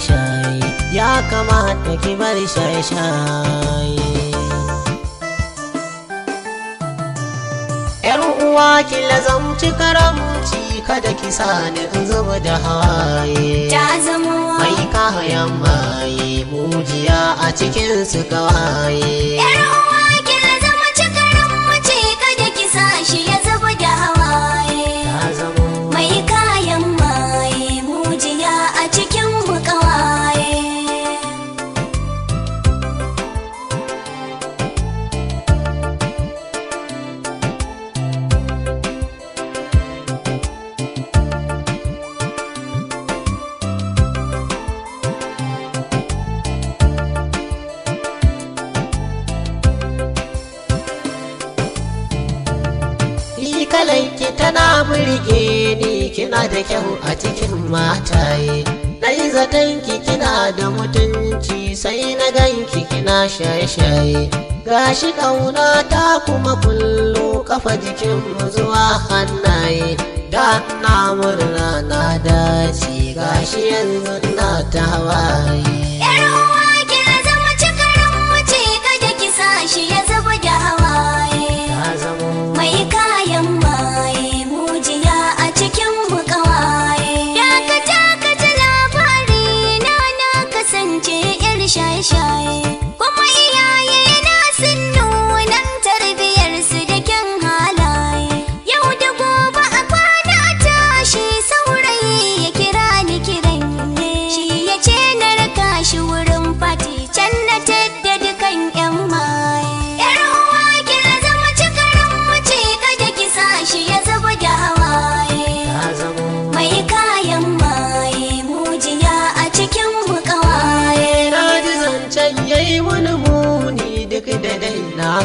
shai ya kamata ki bar shai shaye uwa ki lazamci karamci kada ki sani in zuba da haye ta zama mai kayan maye mujiya a cikin su kawaye kana burge ni kina da kyau a cikin mataye dai ki kina da mutunci sai na ganki kina shaye-shaye gashi kauna ta kuma kullu kafa jikin mu zuwa hannaye da na murna na dace gashi yanzu na ta hawaye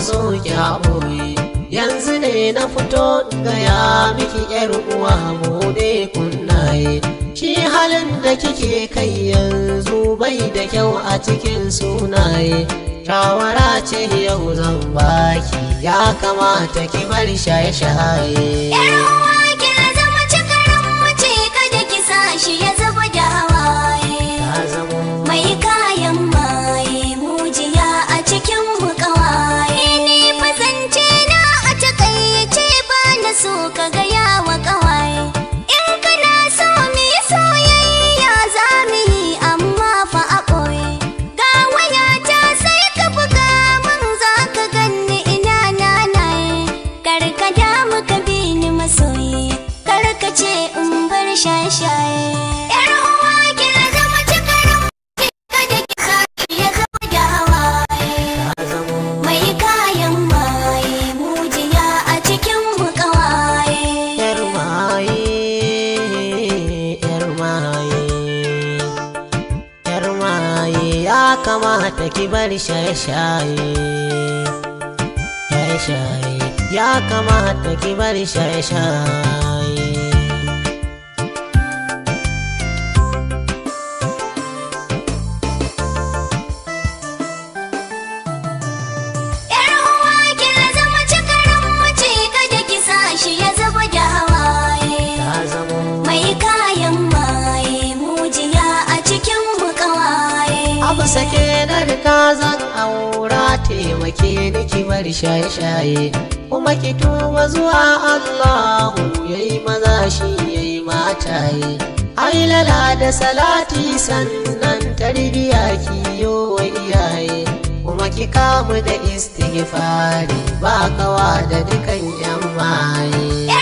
so ki yanzu ne na fito gaya miki yar uwa bude kunnaye shi halin da kike kai yanzu bai da kyau a cikin sunaye shawara ce yau zan baki ya kamata ki bar shaye-shaye maye yar ya kamata ki bar shaye-shaye shaye-shaye ya kamata ki bar shaye-shaye sake na rika zan aura taimake ni ki shaye-shaye kuma ki tuba zuwa Allahu yayi maza shi yayi mataye ai lala da salati sannan tarbiya ki yo iyaye kuma ki kamu da istighfari ba kawa da dukan yan maye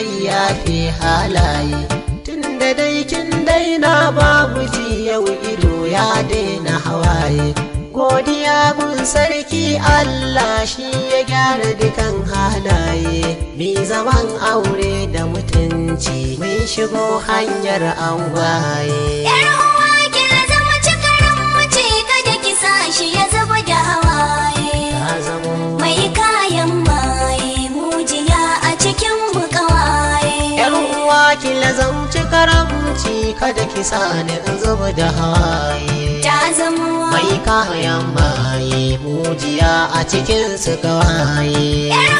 zai yafe halaye tunda dai kin daina babu ji yau ido ya daina hawaye godiya sarki Allah shi ya gyara dukan halaye mi zaman aure da mutunci mun shigo hanyar angwaye. uwa ki zama cikarin mace kada ki sa shi ya zama da hawa ta karamci kada ki sani in zuba da haye ta zama mai kayan maye mujiya a cikin su gawaye